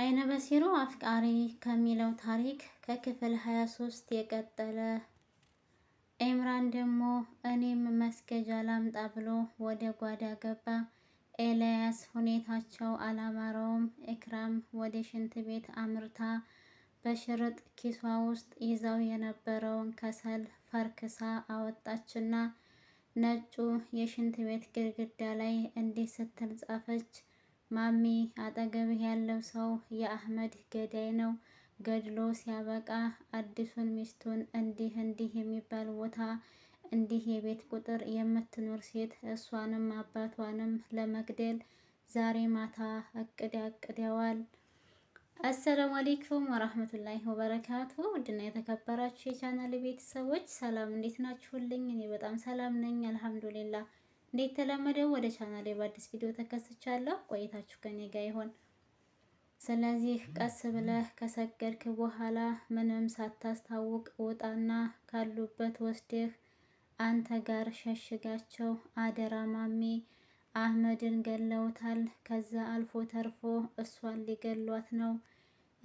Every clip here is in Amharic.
አይነ በሲሮ አፍቃሪ ከሚለው ታሪክ ከክፍል 23 የቀጠለ። ኤምራን ደግሞ እኔም መስገጃ ላምጣ ብሎ ወደ ጓዳ ገባ። ኤልያስ ሁኔታቸው አላማረውም። ኤክራም ወደ ሽንት ቤት አምርታ በሽርጥ ኪሷ ውስጥ ይዛው የነበረውን ከሰል ፈርክሳ አወጣችና ነጩ የሽንት ቤት ግድግዳ ላይ እንዲህ ስትል ጻፈች። ማሚ አጠገብህ ያለው ሰው የአህመድ ገዳይ ነው። ገድሎ ሲያበቃ አዲሱን ሚስቱን እንዲህ እንዲህ የሚባል ቦታ እንዲህ የቤት ቁጥር የምትኖር ሴት እሷንም አባቷንም ለመግደል ዛሬ ማታ እቅድ ያቅደዋል። አሰላሙ አሌይኩም ወራህመቱላሂ ወበረካቱ። ውድና የተከበራችሁ የቻናል ቤተሰቦች ሰላም፣ እንዴት ናችሁልኝ? እኔ በጣም ሰላም ነኝ አልሐምዱሊላህ። እንደተለመደው ወደ ቻናሌ በአዲስ ቪዲዮ ተከስቻለሁ። ቆይታችሁ ከኔ ጋር ይሆን። ስለዚህ ቀስ ብለህ ከሰገድክ በኋላ ምንም ሳታስታውቅ ውጣና ካሉበት ወስደህ አንተ ጋር ሸሽጋቸው። አደራ ማሜ አህመድን ገለውታል። ከዛ አልፎ ተርፎ እሷን ሊገሏት ነው።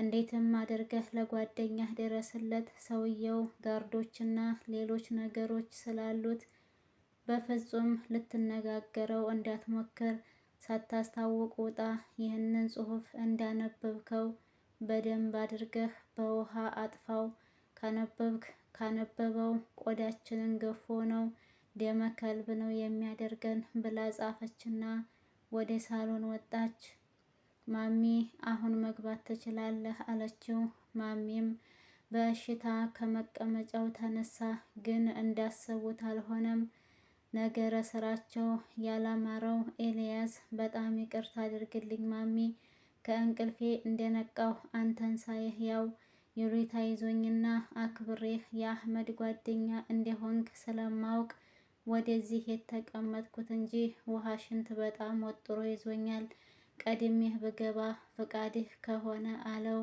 እንዴትም አድርገህ ለጓደኛህ ድረስለት። ሰውየው ጋርዶችና ሌሎች ነገሮች ስላሉት በፍጹም ልትነጋገረው እንዳትሞክር ሳታስታውቅ ውጣ። ይህንን ጽሑፍ እንዳነበብከው በደንብ አድርገህ በውሃ አጥፋው። ካነበብክ ካነበበው ቆዳችንን ገፎ ነው ደመ ከልብ ነው የሚያደርገን ብላ ጻፈችና ወደ ሳሎን ወጣች። ማሚ አሁን መግባት ትችላለህ አለችው። ማሚም በእሽታ ከመቀመጫው ተነሳ። ግን እንዳሰቡት አልሆነም። ነገረ ስራቸው ያላማረው ኤልያስ በጣም ይቅርታ አድርግልኝ ማሚ፣ ከእንቅልፌ እንደነቃሁ አንተን ሳይህ ያው ዩሪታ ይዞኝና አክብሬህ የአህመድ ጓደኛ እንደሆንክ ስለማውቅ ወደዚህ የተቀመጥኩት እንጂ ውሃ ሽንት በጣም ወጥሮ ይዞኛል። ቀድሜህ ብገባ ፍቃድህ ከሆነ አለው።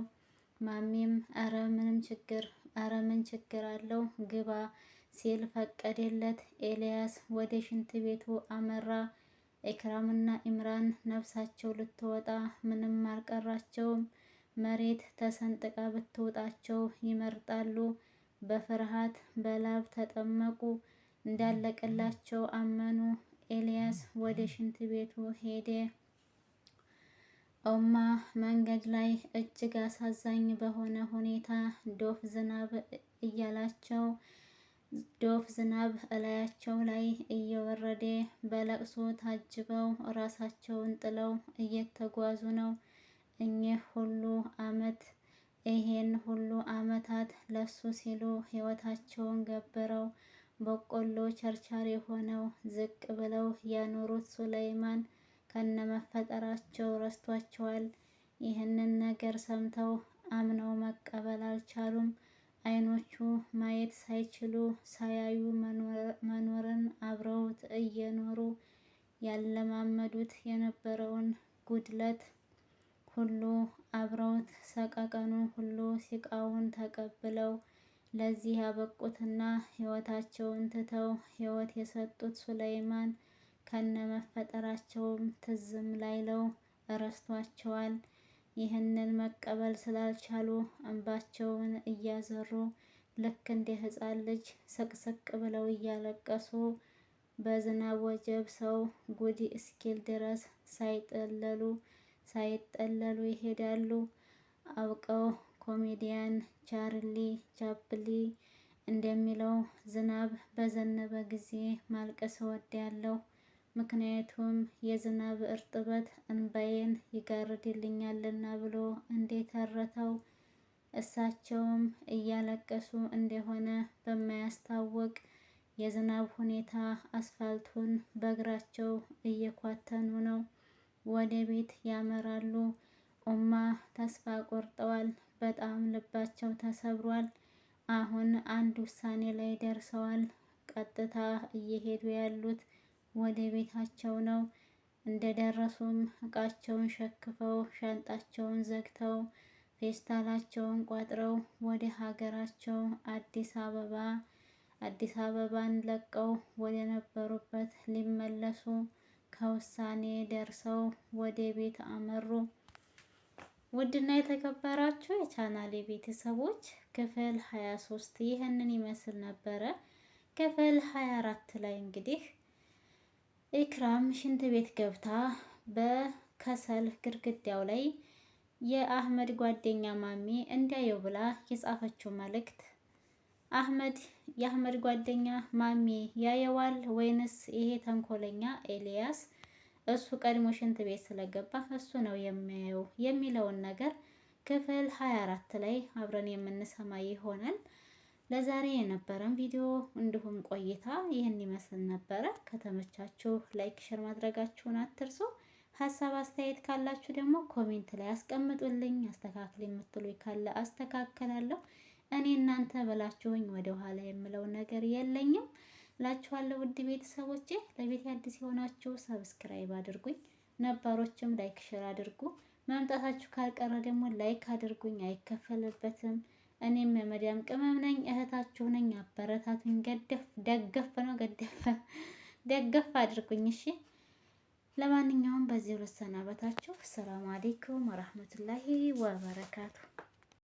ማሚም አረ ምንም ችግር አረ ምን ችግር አለው ግባ ሲል ፈቀደለት። ኤልያስ ወደ ሽንት ቤቱ አመራ። ኢክራምና ኢምራን ነፍሳቸው ልትወጣ ምንም አልቀራቸውም። መሬት ተሰንጥቃ ብትውጣቸው ይመርጣሉ። በፍርሃት በላብ ተጠመቁ። እንዳለቀላቸው አመኑ። ኤልያስ ወደ ሽንት ቤቱ ሄደ። ኦማ መንገድ ላይ እጅግ አሳዛኝ በሆነ ሁኔታ ዶፍ ዝናብ እያላቸው ዶፍ ዝናብ እላያቸው ላይ እየወረደ በለቅሶ ታጅበው ራሳቸውን ጥለው እየተጓዙ ነው። እኚህ ሁሉ ዓመት ይሄን ሁሉ ዓመታት ለሱ ሲሉ ሕይወታቸውን ገበረው በቆሎ ቸርቻሪ ሆነው ዝቅ ብለው ያኖሩት ሱለይማን ከነመፈጠራቸው ረስቷቸዋል። ይህንን ነገር ሰምተው አምነው መቀበል አልቻሉም። አይኖቹ ማየት ሳይችሉ ሳያዩ መኖርን አብረውት እየኖሩ ያለማመዱት የነበረውን ጉድለት ሁሉ አብረውት ሰቀቀኑ ሁሉ ሲቃውን ተቀብለው ለዚህ ያበቁትና ሕይወታቸውን ትተው ሕይወት የሰጡት ሱለይማን ከነመፈጠራቸውም ትዝም ላይለው ረስቷቸዋል። ይህንን መቀበል ስላልቻሉ እንባቸውን እያዘሩ ልክ እንደ ህፃን ልጅ ስቅስቅ ብለው እያለቀሱ በዝናብ ወጀብ ሰው ጉድ እስኪል ድረስ ሳይጠለሉ ሳይጠለሉ ይሄዳሉ። አውቀው ኮሜዲያን ቻርሊ ቻፕሊ እንደሚለው ዝናብ በዘነበ ጊዜ ማልቀስ እወዳለሁ። ምክንያቱም የዝናብ እርጥበት እንባዬን ይጋርድልኛልና ብሎ እንዴተረተው እሳቸውም እያለቀሱ እንደሆነ በማያስታውቅ የዝናብ ሁኔታ አስፋልቱን በእግራቸው እየኳተኑ ነው። ወደ ቤት ያመራሉ። ኡማ ተስፋ ቆርጠዋል። በጣም ልባቸው ተሰብሯል። አሁን አንድ ውሳኔ ላይ ደርሰዋል። ቀጥታ እየሄዱ ያሉት ወደ ቤታቸው ነው። እንደደረሱም እቃቸውን ሸክፈው ሻንጣቸውን ዘግተው ፌስታላቸውን ቋጥረው ወደ ሀገራቸው አዲስ አበባ አዲስ አበባን ለቀው ወደ ነበሩበት ሊመለሱ ከውሳኔ ደርሰው ወደ ቤት አመሩ። ውድና የተከበራችሁ የቻናሌ ቤተሰቦች ክፍል 23 ይህንን ይመስል ነበረ። ክፍል 24 ላይ እንግዲህ ኢክራም ሽንት ቤት ገብታ በከሰል ግድግዳው ላይ የአህመድ ጓደኛ ማሚ እንዲያየው ብላ የጻፈችው መልእክት አህመድ የአህመድ ጓደኛ ማሚ ያየዋል ወይንስ ይሄ ተንኮለኛ ኤልያስ እሱ ቀድሞ ሽንት ቤት ስለገባ እሱ ነው የሚያየው የሚለውን ነገር ክፍል 24 ላይ አብረን የምንሰማ ይሆናል። ለዛሬ የነበረን ቪዲዮ እንዲሁም ቆይታ ይህን ይመስል ነበረ። ከተመቻችሁ ላይክ፣ ሸር ማድረጋችሁን አትርሱ። ሀሳብ አስተያየት ካላችሁ ደግሞ ኮሜንት ላይ አስቀምጡልኝ። አስተካክል የምትሉ ካለ አስተካከላለሁ። እኔ እናንተ ብላችሁኝ ወደ ኋላ የምለው ነገር የለኝም እላችኋለሁ። ውድ ቤተሰቦቼ ለቤት አዲስ የሆናችሁ ሰብስክራይብ አድርጉኝ፣ ነባሮችም ላይክ ሸር አድርጉ። መምጣታችሁ ካልቀረ ደግሞ ላይክ አድርጉኝ፣ አይከፈልበትም። እኔም መዲያም ቅመም ነኝ፣ እህታችሁ ነኝ። አበረታቱኝ። ገደፍ ደገፍ ነው ገደፈ ደገፍ አድርጉኝ። እሺ ለማንኛውም በዚህ ልሰናበታችሁ። ሰላም አሌይኩም ወራህመቱላሂ ወበረካቱ።